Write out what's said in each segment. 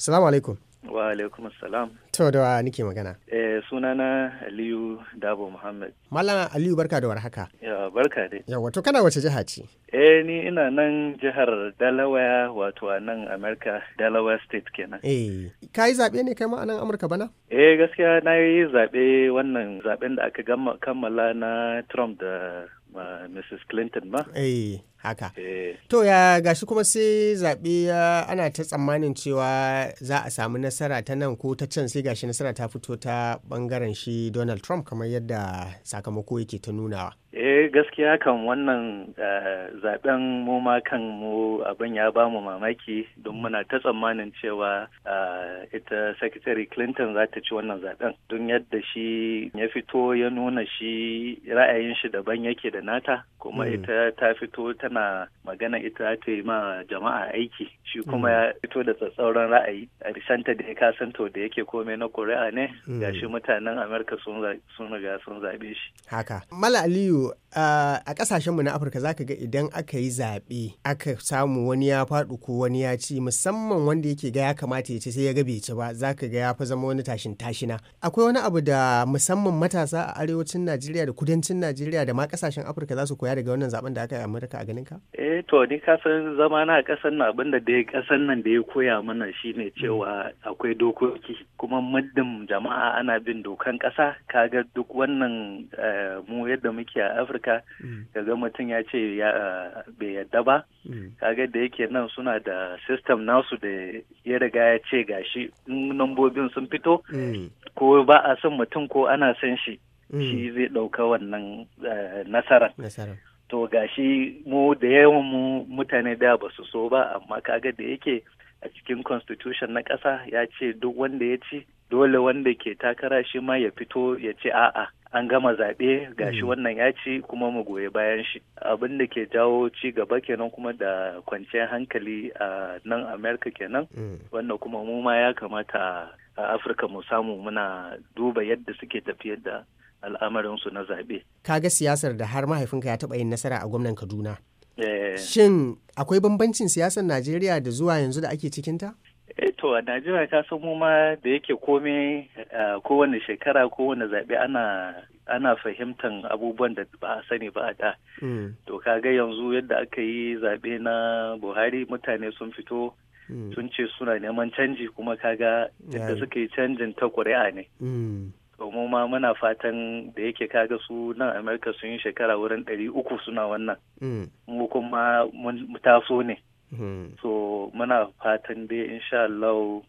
Salamu alaikum. Wa alaikum salam. To da wa nike magana. Eh sunana Aliyu Dabo Muhammad. Malam Aliyu barka da warhaka. Ya barka dai. Yawa to kana wace jiha ce? Eh ni ina nan jihar Delaware wato a nan America Delaware State kenan. Eh ka yi zaɓe ne kai ma a nan Amurka bana? Eh gaskiya na yi zaɓe wannan zaɓen da aka kammala na Trump da Mrs. Clinton ma. Eh, haka. Eh, To ya gashi kuma sai zaɓe ana ta tsammanin cewa za a samu nasara ta nan ko ta can sai gashi nasara ta fito ta ɓangaren shi Donald Trump kamar yadda sakamako yake ta nunawa. E gaskiya kan wannan eh, zaben mu ma kan mu abin ya ba mu mamaki don muna ta tsammanin cewa eh, ita secretary clinton za ta ci wannan zaben don yadda shi ya fito ya nuna shi ra'ayin shi daban yake da nata kuma hmm. ita ta fito tana magana ita ta yi ma jama'a aiki shi kuma hmm. ya fito da tsatsauran ra'ayi a risanta da ya kasanto da yake komai na korea ne gashi hmm. mutanen amurka sun riga sun zaɓe shi haka mala aliyu to a kasashenmu na afirka za ka ga idan aka yi zaɓe aka samu wani ya faɗu ko wani ya ci musamman wanda yake ga ya kamata ya ci sai ya ga bai ci ba za ka ga ya fa zama wani tashin tashina akwai wani abu da musamman matasa a arewacin najeriya da kudancin najeriya da ma kasashen afirka za su koya daga wannan zaben da aka yi amurka a ganin ka eh to ni ka san zama na kasan nan abin da dai kasan nan da ya koya mana shine cewa akwai dokoki kuma muddin jama'a ana bin dokan kasa ga duk wannan eh, mu yadda muke a Afirka mm. kaga mutum ya ce bai yadda ba mm. kaga da yake nan suna da system nasu da ya riga ya ce gashi nambobin sun fito mm. ko ba a son mutum ko ana son shi shi zai ɗauka wannan eh, nasarar to gashi mu da yawan mutane da ba su so ba amma kaga da yake a cikin constitution na ƙasa ya ce duk wanda ya ci dole wanda ke takara shi ma ya fito ya ce a'a an gama zaɓe gashi mm. wannan ya ci kuma mu goyi bayan shi abin da ke jawo ci gaba kenan kuma da kwanciyar hankali a nan amerika kenan mm. wannan kuma mu ma ya kamata a afirka mu samu muna duba yadda suke tafiyar da al'amarinsu na zaɓe kaga siyasar da har mahaifinka ya taɓa yin nasara a gwamnan kaduna eh. shin akwai bambancin siyasar najeriya da zuwa yanzu da ake cikinta to a najeriya ka san mu ma da yake komai kowane shekara kowane zaɓe ana ana fahimtar abubuwan da ba a sani ba a da hmm. to kaga yanzu yadda aka yi zaɓe na buhari mutane sun fito hmm. sun ce suna neman canji kuma kaga yadda suka yi canjin ta ƙuri'a ne hmm. mu ma muna fatan da yake kaga su nan amurka sun yi shekara wurin ɗari uku suna wannan mu kuma mu taso ne Hmm. so muna fatan dai insha Allah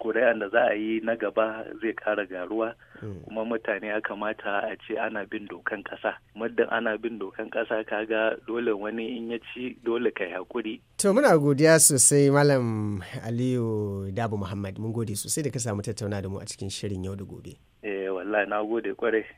kuri'an uh, da za a yi na gaba zai kara garuwa hmm. kuma mutane ya kamata a ce ana bin dokan kasa muddin ana bin dokan kasa kaga dole wani in ya ci dole kai hakuri to muna godiya sosai malam aliyu dabu muhammad mun gode sosai da ka samu tattauna da mu a cikin shirin yau da gobe eh wallahi na gode kwarai